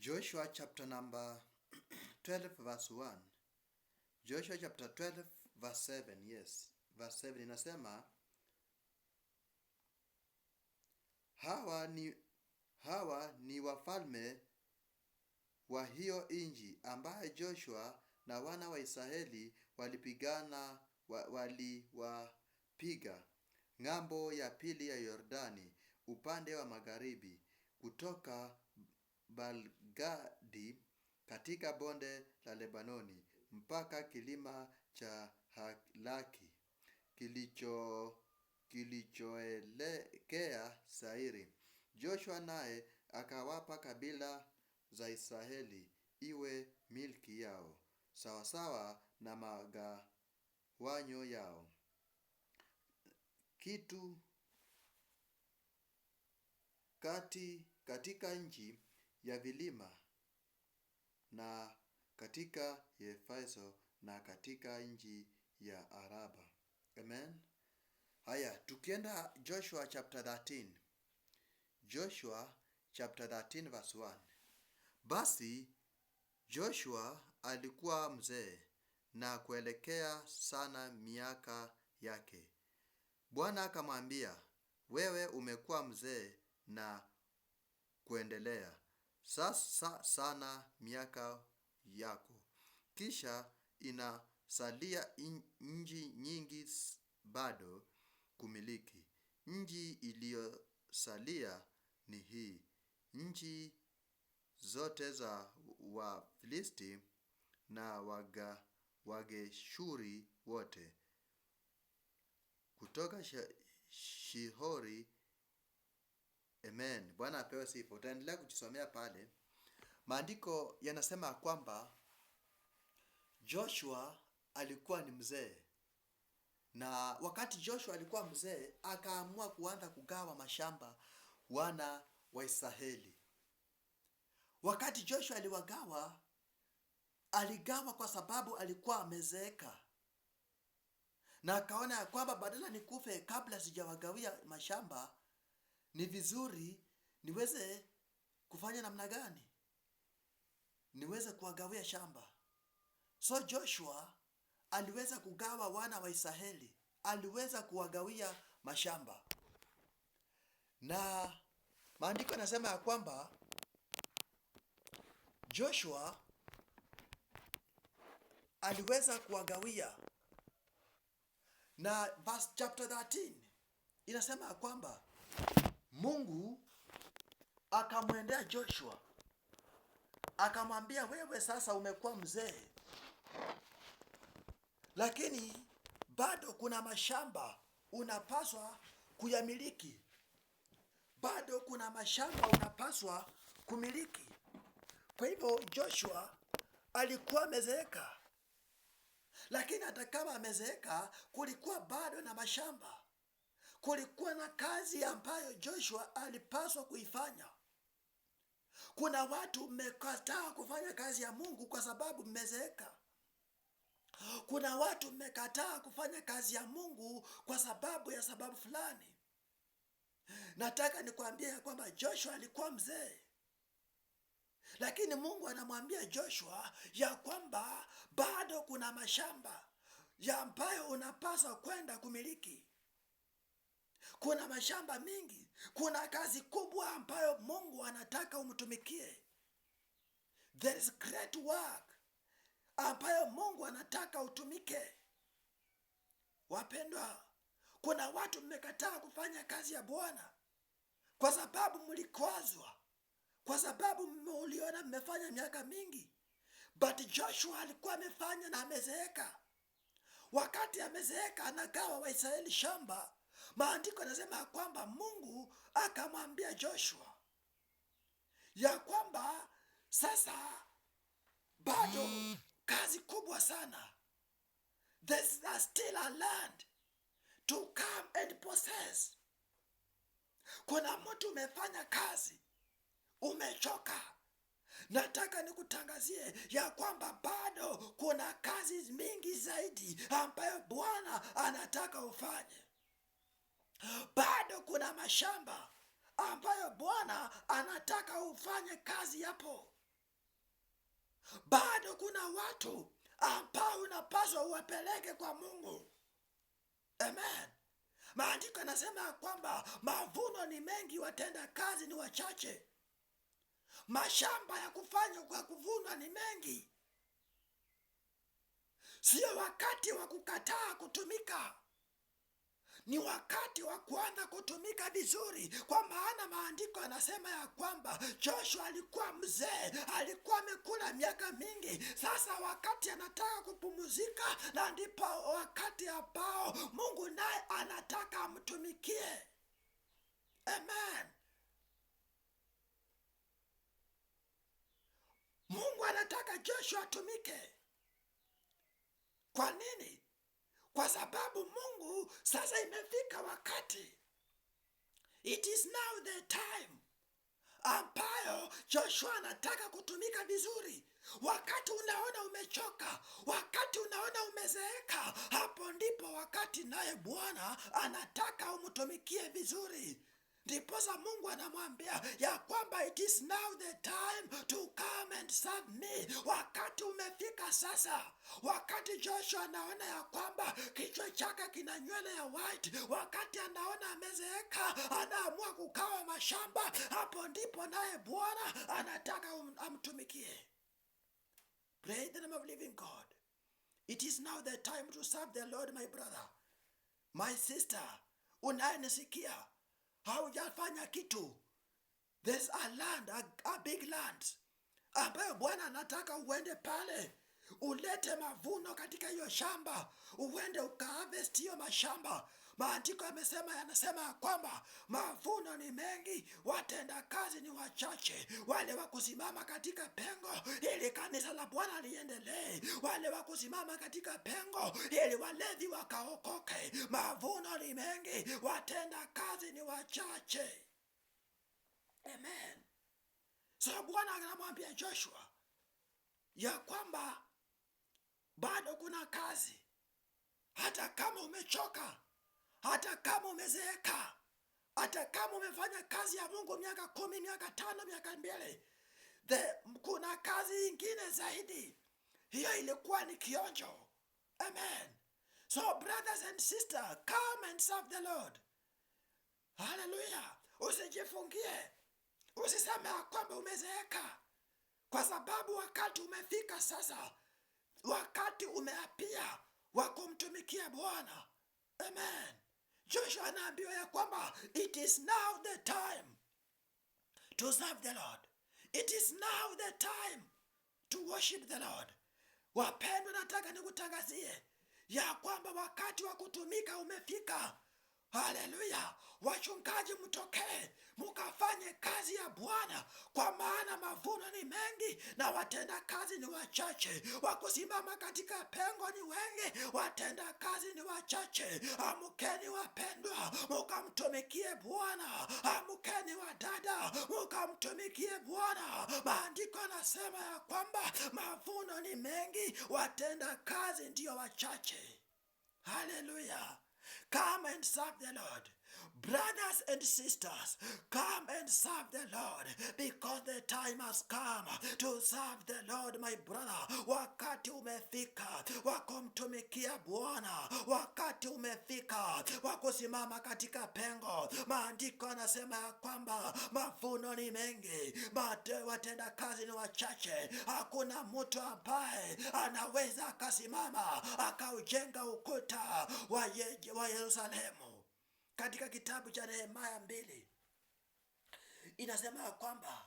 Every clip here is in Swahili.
Joshua chapter number 12 verse 1. Joshua chapter 12 verse 7, yes. Verse 7 inasema hawa ni, hawa ni wafalme wa hiyo inji ambaye Joshua na wana wa Israeli walipigana wa, waliwapiga ng'ambo ya pili ya Yordani upande wa magharibi kutoka Bal Gadi katika bonde la Lebanoni mpaka kilima cha Halaki kilicho kilichoelekea Sairi. Joshua naye akawapa kabila za Israeli iwe milki yao sawasawa na magawanyo yao. Kitu kati katika nchi ya vilima na katika Efeso na katika nchi ya Araba. Amen. Haya, tukienda Joshua chapter 13. Joshua chapter 13 verse 1. Basi Joshua alikuwa mzee na kuelekea sana miaka yake. Bwana akamwambia, wewe umekuwa mzee na kuendelea, sasa sana miaka yako. Kisha inasalia nchi nyingi bado kumiliki. Nchi iliyosalia ni hii. Nchi zote za wafilisti na wageshuri wote. Kutoka Shihori Amen. Bwana apewe sifa. Utaendelea kujisomea pale. Maandiko yanasema kwamba Joshua alikuwa ni mzee, na wakati Joshua alikuwa mzee akaamua kuanza kugawa mashamba wana wa Israeli. Wakati Joshua aliwagawa, aligawa kwa sababu alikuwa amezeeka na akaona ya kwamba badala nikufe kabla sijawagawia mashamba ni vizuri niweze kufanya namna gani? Niweze kuwagawia shamba. So Joshua aliweza kugawa wana wa Israeli, aliweza kuwagawia mashamba, na maandiko yanasema ya kwamba Joshua aliweza kuwagawia, na verse chapter 13 inasema ya kwamba Mungu akamwendea Joshua akamwambia, wewe sasa umekuwa mzee, lakini bado kuna mashamba unapaswa kuyamiliki, bado kuna mashamba unapaswa kumiliki. Kwa hivyo Joshua alikuwa amezeeka, lakini hata kama amezeeka, kulikuwa bado na mashamba kulikuwa na kazi ambayo Joshua alipaswa kuifanya. Kuna watu mmekataa kufanya kazi ya Mungu kwa sababu mmezeeka. Kuna watu mmekataa kufanya kazi ya Mungu kwa sababu ya sababu fulani. Nataka nikwambie ya kwamba Joshua alikuwa mzee, lakini Mungu anamwambia Joshua ya kwamba bado kuna mashamba ya ambayo unapaswa kwenda kumiliki kuna mashamba mingi kuna kazi kubwa ambayo Mungu anataka umtumikie. There is great work ambayo Mungu anataka utumike. Wapendwa, kuna watu mmekataa kufanya kazi ya Bwana kwa sababu mlikwazwa, kwa sababu mliona mmefanya miaka mingi. But Joshua alikuwa amefanya na amezeeka. Wakati amezeeka, anagawa Waisraeli shamba Maandiko yanasema ya kwamba Mungu akamwambia Joshua ya kwamba sasa bado kazi kubwa sana, there's still a land to come and possess. Kuna mtu umefanya kazi, umechoka. Nataka nikutangazie ya kwamba bado kuna kazi mingi zaidi ambayo Bwana anataka ufanye. Bado kuna mashamba ambayo Bwana anataka ufanye kazi yapo. Bado kuna watu ambao unapaswa uwapeleke kwa Mungu. Amen. Maandiko yanasema ya kwamba mavuno ni mengi, watenda kazi ni wachache. Mashamba ya kufanya kwa kuvunwa ni mengi. Sio wakati wa kukataa kutumika ni wakati wa kuanza kutumika vizuri, kwa maana maandiko yanasema ya kwamba Joshua alikuwa mzee, alikuwa amekula miaka mingi. Sasa wakati anataka kupumzika, na ndipo wakati ambao Mungu naye anataka amtumikie. Amen. Mungu anataka Joshua atumike. Kwa nini? kwa sababu Mungu sasa imefika wakati, it is now the time ambayo Joshua anataka kutumika vizuri. Wakati unaona umechoka, wakati unaona umezeeka, hapo ndipo wakati naye Bwana anataka umtumikie vizuri. Ndiposa Mungu anamwambia ya kwamba it is now the time to come and serve me. Wakati umefika sasa, wakati Joshua anaona ya kwamba kichwa chake kina nywele ya white, wakati anaona amezeeka, anaamua kukawa mashamba, hapo ndipo naye Bwana anataka um, amtumikie. Pray the name of living God. It is now the time to serve the Lord, my brother, my sister, unayenisikia haujafanya kitu. There's a land, a, a big land ambayo Bwana anataka uende pale ulete mavuno katika hiyo shamba, uende ukaharvest hiyo mashamba, Maandiko yamesema yanasema ya kwamba mavuno ni mengi, watenda kazi ni wachache. Wale wa kusimama katika pengo ili kanisa la Bwana liendelee, wale wa kusimama katika pengo ili walevi wakaokoke. Mavuno ni mengi, watenda kazi ni wachache. Amen. So Bwana anamwambia Joshua ya kwamba bado kuna kazi, hata kama umechoka hata kama umezeeka, hata kama umefanya kazi ya Mungu miaka kumi, miaka tano, miaka mbili, the kuna kazi ingine zaidi. Hiyo ilikuwa ni kionjo. Amen. So brothers and sister, come and serve the Lord. Haleluya! Usijifungie, usiseme ya kwamba umezeeka, kwa sababu wakati umefika sasa, wakati umeapia wa kumtumikia Bwana. Amen. Joshua anaambiwa ya kwamba it is now the time to serve the Lord, it is now the time to worship the Lord. Wapendwa, nataka nikutangazie ya kwamba wakati wa kutumika umefika. Haleluya! Wachungaji, mtokee mukafanye kazi ya Bwana, kwa maana mavuno ni mengi na watenda kazi ni wachache. Wakusimama katika pengo ni wengi, watenda kazi ni wachache. Amukeni wapendwa, mukamtumikie Bwana. Amukeni wadada, mukamtumikie Bwana. Maandiko anasema ya kwamba mavuno ni mengi, watenda kazi ndiyo wachache. Haleluya! Come and serve the Lord. Brothers and sisters, come and serve the Lord because the time has come to serve the Lord my brother. Wakati umefika wa kumtumikia Bwana, wakati umefika wa kusimama katika pengo. Maandiko anasema ya kwamba mavuno ni mengi, watenda kazi ni wachache. Hakuna mtu ambaye anaweza akasimama akaujenga ukuta wa Yerusalemu katika kitabu cha Nehemia mbili inasema ya kwamba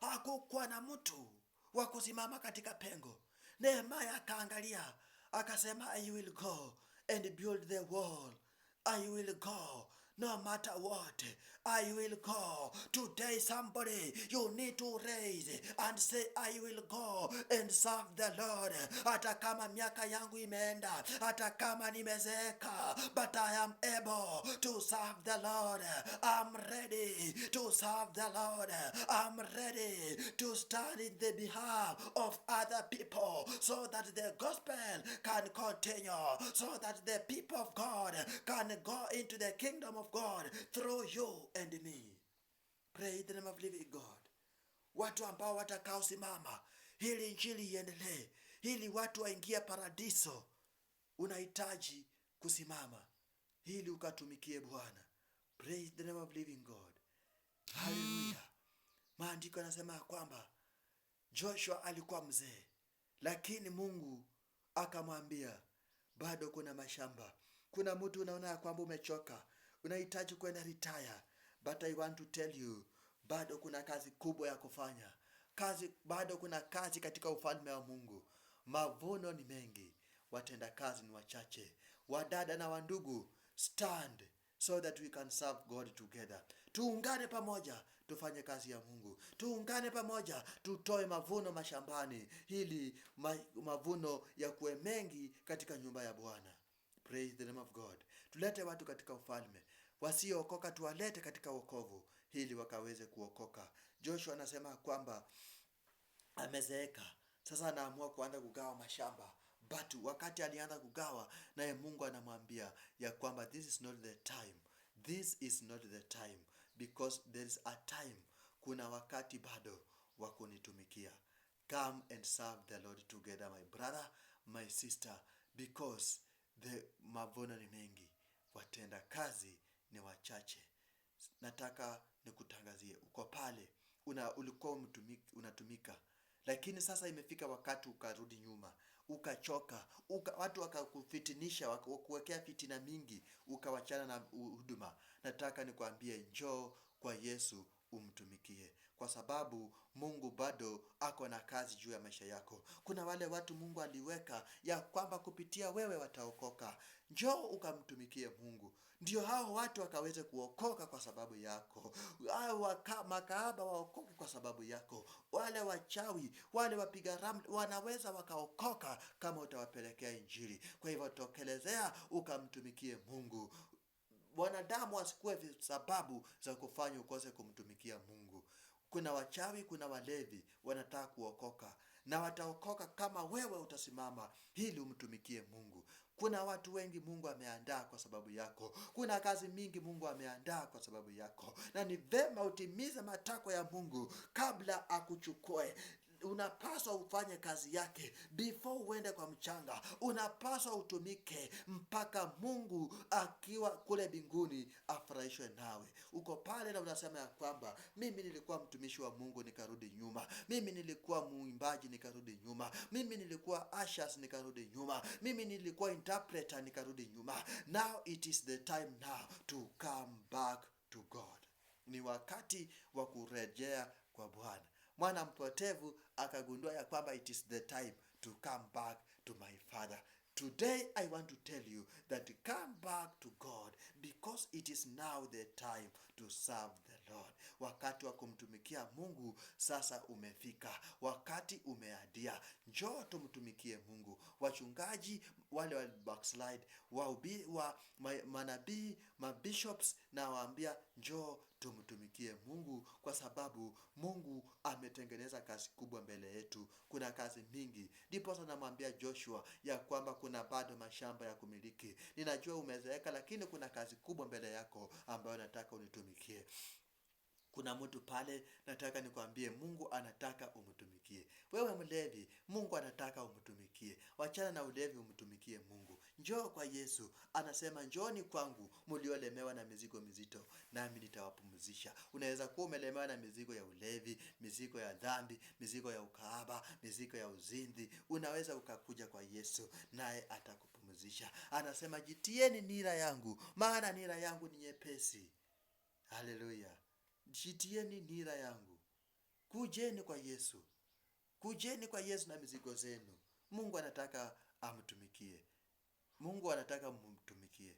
hakukuwa na mtu wa kusimama katika pengo. Nehemia akaangalia akasema, I will go and build the wall, I will go no matter what I will go. Today, somebody, you need to raise and say, I will go and serve the Lord. Ata kama miaka yangu imeenda, hata kama but I am able to serve the Lord. I'm ready to serve the Lord. I'm ready to stand in the behalf of other people so that the gospel can continue, so that the people of God can go into the kingdom of God through you and me. Pray in the name of living God, watu ambao watakaosimama hili injili iendelee, hili watu waingie paradiso. Unahitaji kusimama ili ukatumikie Bwana. Praise the name of living God. Haleluya! Maandiko yanasema kwamba Joshua alikuwa mzee, lakini Mungu akamwambia bado kuna mashamba. Kuna mtu unaona kwamba umechoka, unahitaji kwenda retire But I want to tell you, bado kuna kazi kubwa ya kufanya kazi, bado kuna kazi katika ufalme wa Mungu. Mavuno ni mengi, watenda kazi ni wachache. Wadada na wandugu, stand so that we can serve God together. Tuungane pamoja tufanye kazi ya Mungu, tuungane pamoja tutoe mavuno mashambani, ili ma mavuno yakuwe mengi katika nyumba ya Bwana. Praise the name of God. Tulete watu katika ufalme wasiookoka tuwalete katika wokovu ili wakaweze kuokoka. Joshua anasema kwamba amezeeka sasa, anaamua kuanza kugawa mashamba batu. Wakati alianza kugawa, naye Mungu anamwambia ya kwamba this is not the time, this is not the time because there is a time, kuna wakati bado wa kunitumikia. Come and serve the Lord together, my brother, my sister, because the mavuno ni mengi, watenda kazi ni wachache. Nataka nikutangazie uko pale una, ulikuwa unatumika, lakini sasa imefika wakati ukarudi nyuma, ukachoka uka, watu wakakufitinisha, wakuwekea fitina mingi, ukawachana na huduma. Nataka nikuambie njoo kwa Yesu umtumikie, kwa sababu Mungu bado ako na kazi juu ya maisha yako. Kuna wale watu Mungu aliweka ya kwamba kupitia wewe wataokoka, njoo ukamtumikie Mungu, ndio hao watu wakaweze kuokoka kwa sababu yako. Hao waka, makahaba waokoke kwa sababu yako, wale wachawi, wale wapiga ramli wanaweza wakaokoka kama utawapelekea Injili. Kwa hivyo tokelezea ukamtumikie Mungu wanadamu wasikuwe sababu za kufanya ukose kumtumikia Mungu. Kuna wachawi, kuna walevi wanataka kuokoka na wataokoka kama wewe utasimama ili umtumikie Mungu. Kuna watu wengi Mungu ameandaa kwa sababu yako. Kuna kazi mingi Mungu ameandaa kwa sababu yako, na ni vema utimize matakwa ya Mungu kabla akuchukue unapaswa ufanye kazi yake before uende kwa mchanga, unapaswa utumike mpaka Mungu akiwa kule binguni afurahishwe nawe. Uko pale na unasema ya kwamba mimi nilikuwa mtumishi wa Mungu nikarudi nyuma, mimi nilikuwa muimbaji nikarudi nyuma, mimi nilikuwa ushers nikarudi nyuma, mimi nilikuwa interpreter nikarudi nyuma. Now it is the time now to come back to God. Ni wakati wa kurejea kwa Bwana mwana mpotevu akagundua ya kwamba it is the time to come back to my father Today I want to tell you that come back to God because it is now the time to serve the Lord. Wakati wa kumtumikia Mungu sasa umefika, wakati umeadia. Njoo tumtumikie Mungu. Wachungaji wale wa backslide, wa manabii, mabishops na waambia njoo tumtumikie Mungu kwa sababu Mungu ametengeneza kazi kubwa mbele yetu. Kuna kazi mingi, ndipo namwambia Joshua ya kwamba kuna bado mashamba ya kumiliki. Ninajua umezeeka, lakini kuna kazi kubwa mbele yako ambayo nataka unitumikie. Kuna mtu pale, nataka nikwambie, Mungu anataka umtumikie wewe. Mlevi, Mungu anataka umtumikie. Wachana na ulevi, umtumikie Mungu. Njoo kwa Yesu, anasema njooni kwangu mliolemewa na mizigo mizito, nami nitawapumzisha. Unaweza kuwa umelemewa na mizigo ya ulevi, mizigo ya dhambi, mizigo ya ukahaba mizigo ya uzinzi. Unaweza ukakuja kwa Yesu, naye atakupumzisha. Anasema jitieni nira yangu, maana nira yangu ni nyepesi. Haleluya! jitieni nira yangu. Kujeni kwa Yesu, kujeni kwa Yesu na mizigo zenu. Mungu anataka amtumikie, Mungu anataka mumtumikie.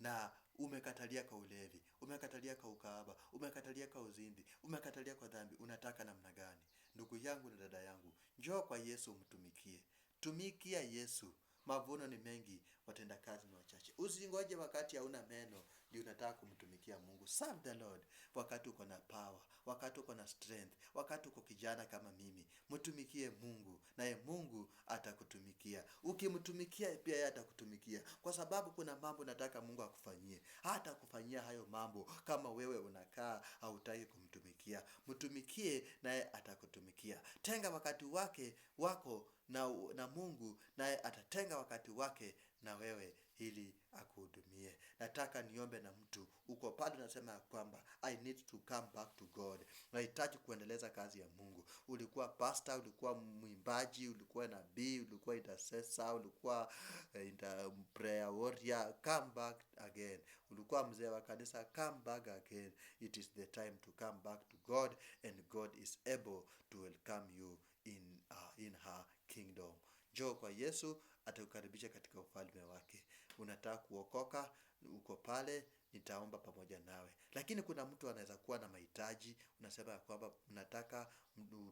Na umekatalia kwa ulevi, umekatalia kwa ukaaba, umekatalia kwa uzindi, umekatalia kwa dhambi, unataka namna gani? Ndugu yangu na dada yangu, njoo kwa Yesu umtumikie. Tumikia Yesu, mavuno ni mengi, watendakazi ni wachache. Usingoje wakati hauna meno juu unataka kumtumikia Mungu. Serve the Lord wakati uko na power, wakati uko na strength, wakati uko kijana kama mimi, mtumikie Mungu naye Mungu atakutumikia. Ukimtumikia pia yeye atakutumikia, kwa sababu kuna mambo nataka Mungu akufanyie, hata kufanyia hayo mambo kama wewe unakaa hautaki kumtumikia. Mtumikie naye atakutumikia. Tenga wakati wake wako na, na Mungu naye atatenga wakati wake na wewe ili akuhudumie. Nataka niombe na mtu uko pale unasema ya kwamba I need to come back to God. Nahitaji kuendeleza kazi ya Mungu. Ulikuwa pastor, ulikuwa mwimbaji, ulikuwa nabii, ulikuwa intercessor, ulikuwa eh, inter prayer warrior, come back again. Ulikuwa mzee wa kanisa, come back again. It is the time to come back to God and God is able to welcome you in, uh, in her kingdom. Njoo kwa Yesu atakukaribisha katika ufalme wake unataka kuokoka, uko pale nitaomba pamoja nawe. Lakini kuna mtu anaweza kuwa na mahitaji, unasema ya kwamba nataka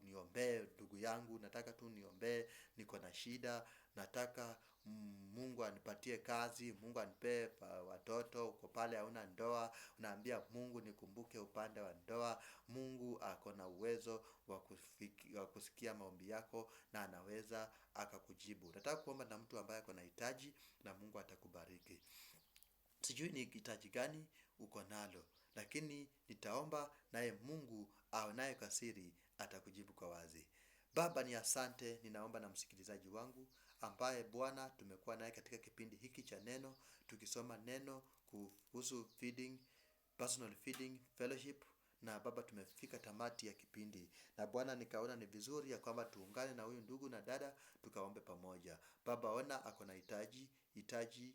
niombee ndugu yangu, nataka tu niombee, niko na shida, nataka Mungu anipatie kazi, Mungu anipee watoto. Uko pale hauna ndoa, unaambia Mungu nikumbuke upande wa ndoa. Mungu ako na uwezo wa kusikia maombi yako na anaweza akakujibu. Nataka kuomba na mtu ambaye ako na hitaji na Mungu atakubariki. Sijui ni hitaji gani uko nalo, lakini nitaomba naye Mungu aonaye kwa siri atakujibu kwa wazi. Baba, ni asante, ninaomba na msikilizaji wangu ambaye Bwana tumekuwa naye katika kipindi hiki cha neno, tukisoma neno kuhusu feeding, personal feeding, fellowship na Baba, tumefika tamati ya kipindi na Bwana, nikaona ni vizuri ya kwamba tuungane na huyu ndugu na dada tukaombe pamoja. Baba, ona ako na hitaji hitaji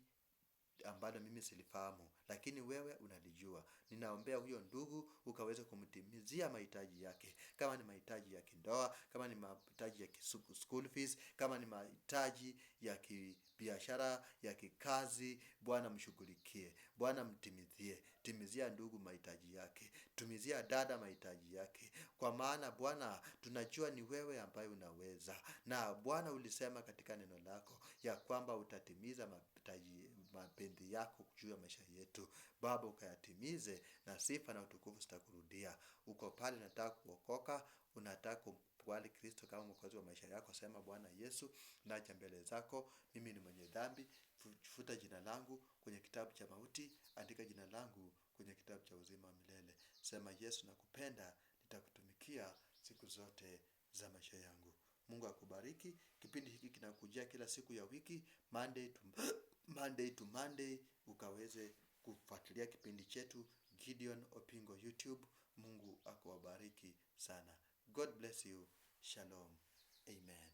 ambalo mimi silifahamu, lakini wewe unalijua. Ninaombea huyo ndugu ukaweze kumtimizia mahitaji yake, kama ni mahitaji ya kindoa, kama ni mahitaji ya school fees, kama ni mahitaji ya kibiashara, ya kikazi. Bwana mshughulikie, Bwana mtimizie. Timizia ndugu mahitaji yake, tumizia dada mahitaji yake, kwa maana Bwana tunajua ni wewe ambaye unaweza, na Bwana ulisema katika neno lako ya kwamba utatimiza mahitaji mapenzi yako juu ya maisha yetu. Baba, ukayatimize na sifa na utukufu zitakurudia. Uko pale unataka kuokoka, unataka kumkubali Kristo kama mwokozi wa maisha yako. Sema, Bwana Yesu, naja mbele zako, mimi ni mwenye dhambi, futa jina langu kwenye kitabu cha mauti, andika jina langu kwenye kitabu cha uzima wa milele. Sema, Yesu, nakupenda, nitakutumikia siku zote za maisha yangu. Mungu akubariki. Kipindi hiki kinakujia kila siku ya wiki Monday to Monday to Monday ukaweze kufuatilia kipindi chetu Gideon Opingo YouTube. Mungu akuwabariki sana. God bless you. Shalom. Amen.